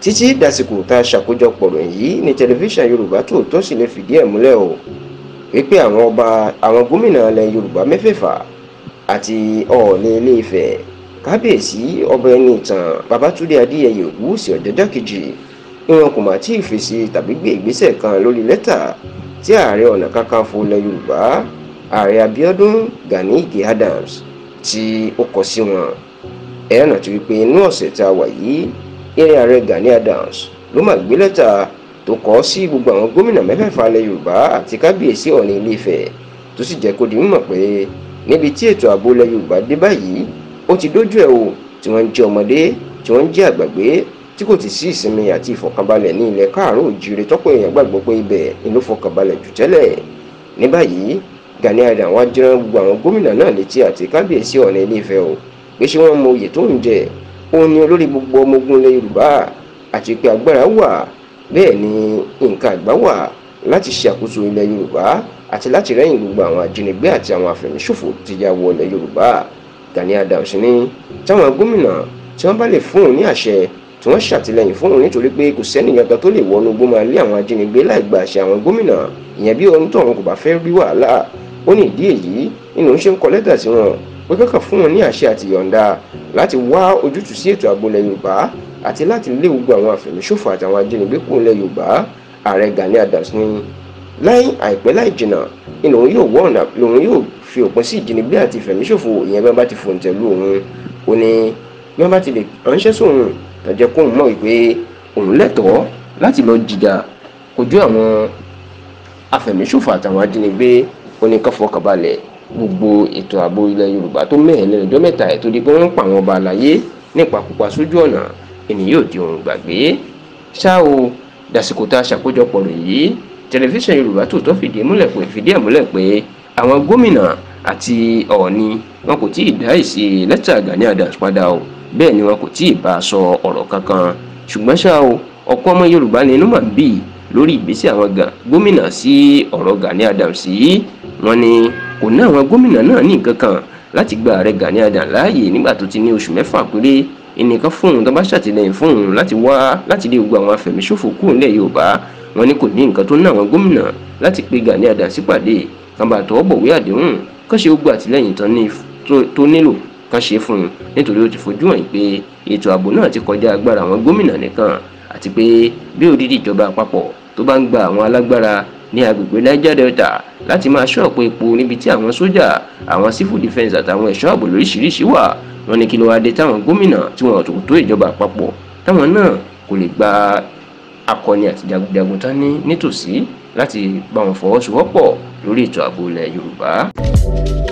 títí dàsìkò tá a ṣàkójọpọ̀ rẹ̀ yìí ní tẹlifíṣàn yorùbá tòótọ́ sì lè fìdí ẹ̀ múlẹ̀ o wípé àwọn ọba àwọn gómìnà ilẹ̀ yorùbá mẹ́fẹ̀ẹ̀fà àti ọ̀ọ̀lẹ̀ ilé ifẹ̀ kábíyèsí ọba ẹni ìtàn babatunde adéyẹyẹ ògúwùsì ọ̀jọ́jọ́ kejì ìwọn kò mà tí ì fèsì tàbí gbé ìgbésẹ̀ kan lórí lẹ́tà tí ààrẹ ọ̀nà kakanfò ilẹ̀ yorùbá ààrẹ abiodun gani adams tí ó kọ sí wọn ẹ̀rọ náà ti wípé inú ọ̀sẹ̀ tá a wà yìí iri ààrẹ Gani Adams ló mà gbé lẹ́tà tó kọ́ sí gbogbo àwọn gómìnà mẹ́fẹ̀ẹ̀fà ilẹ̀ Yorùbá àti kábíyèsí Ọọ̀ni Ilé Ifẹ̀ tó sì jẹ́ kó di mímọ̀ pé níbi tí ètò ààbò ilẹ̀ Yorùbá dé báyìí ó ti dójú ẹ̀ o tí wọ́n ń jẹ́ ọmọdé tí wọ́n ń jẹ́ àgbàgbé tí kò ti sí ìsinmi àti ìfọ̀kànbalẹ̀ ní ilẹ̀ tọ́pọ̀ èèyàn gbàgbọ́ pé ibẹ̀ ni ló òun ni olórí gbogbo ọmọ ogun ilẹ̀ yorùbá àti pé agbára wà bẹ́ẹ̀ ni nǹkan àgbà wà láti ṣe àkóso ilẹ̀ yorùbá àti láti rẹ́yìn gbogbo àwọn ajínigbé àti àwọn àfẹ̀míṣòfò tí ya wọ ilẹ̀ yorùbá Gani Adams ní táwọn gómìnà tí wọ́n bá lè fún òun ní àṣẹ tí wọ́n ṣàtìlẹ́yìn fún òun nítorí pé kò sẹ́ni yàtọ̀ tó lè wọnú igbó máa lé àwọn ajínigbé láì gba àṣẹ àwọn gómìnà ìyẹn bí ohun tó àwọn kò bá fẹ́ rí wàhálà ó ní ìdí èyí nínú ṣe ń kọ lẹ́tà sí wọn pé kọ́kàn fún wọn ní àṣẹ àti yọ̀ǹda láti wá ojútùú sí ètò ààbò ilẹ̀ yorùbá àti láti lé gbogbo àwọn àfẹ̀míṣòfò àtàwọn ajínigbé kúrò ilẹ̀ yorùbá ààrẹ gani adams ní láì àìpẹ́ láì jìnnà ni lòun yóò wọ́ ọ̀nà lòun yóò fi òpin sí ìjínigbé àti ìfẹ̀míṣòfò ìyẹn bí wọ́n bá ti fòǹtẹ̀ lù òun ó ní bí wọ́n bá ti lè ránṣẹ́ sóun tọ́jẹ́ kóun mọ̀ wípé òun lẹ́tọ̀ọ́ láti lọ jìjà kojú àwọn afẹ̀míṣòfò àtàwọn ajínigbé oníkàfọ́kàbalẹ̀ gbogbo ètò ààbò ilẹ̀ yorùbá tó mẹ́hẹ̀ẹ́lẹ́ ọjọ́ mẹ́ta ẹ̀ tó di pé wọ́n ń pa àwọn ọba àlàyé nípakúpa sójú ọ̀nà ẹni yóò di ohun gbàgbé ṣá o dàsìkò tá a ṣàkójọpọ̀ rẹ̀ yìí tẹlifíṣàn yorùbá tòótọ́ fìdí múlẹ̀ pé fìdí ẹ̀ múlẹ̀ pé àwọn gómìnà àti ọ̀ọ́ni wọn kò tí ì dá èsì lẹ́tà Gani Adams padà o bẹ́ẹ̀ ni wọn kò tí ì bá a sọ ọ̀rọ̀ kankan ṣùgbọ́n ṣá o ọ̀pọ̀ ọmọ yorùbá ni inú mà bì lórí ìgbésẹ̀ àwọn gómìnà sí ọ̀rọ̀ Gani Adams yìí wọ́n ní kò ná àwọn gómìnà náà ní nǹkan kan láti gba ààrẹ Gani Adams láàyè nígbà tó ti ní oṣù mẹ́fà péré ẹnìkan fóun tó bá ṣàtìlẹ́yìn fóun láti wá láti lé gbogbo àwọn afẹ̀míṣòfò kúrò nílẹ̀ Yorùbá wọn ní kò ní nǹkan tó ná àwọn gómìnà láti pe Gani Adams sípàdé kan bá tọwọ́ bọ̀wé àdéhùn kan ṣe gbogbo àtìlẹ́yìn tó nílò kan ṣe fún un nítorí ó ti fojú hàn pé ètò ààbò náà ti kọjá agbára àwọn gómìnà nìkan àti pé bí odidi ìjọba àpapọ̀ tó bá ń gba àwọn alágbára ní agbègbè niger delta láti máa ṣọ́ ọ̀pọ̀ epo níbi tí àwọn sójà àwọn civil defence àtàwọn ẹ̀ṣọ́ ààbò lóríṣiríṣi wà wọ́n ní kí ló wá dé táwọn gómìnà tí wọn ọ̀tọ̀ tó ìjọba àpapọ̀ táwọn náà kò lè gba akọni àti jagunjagun tán ní nítòsí láti bá wọn fọwọ́sowọ́pọ̀ lórí ètò ààbò ilẹ̀ yorùbá.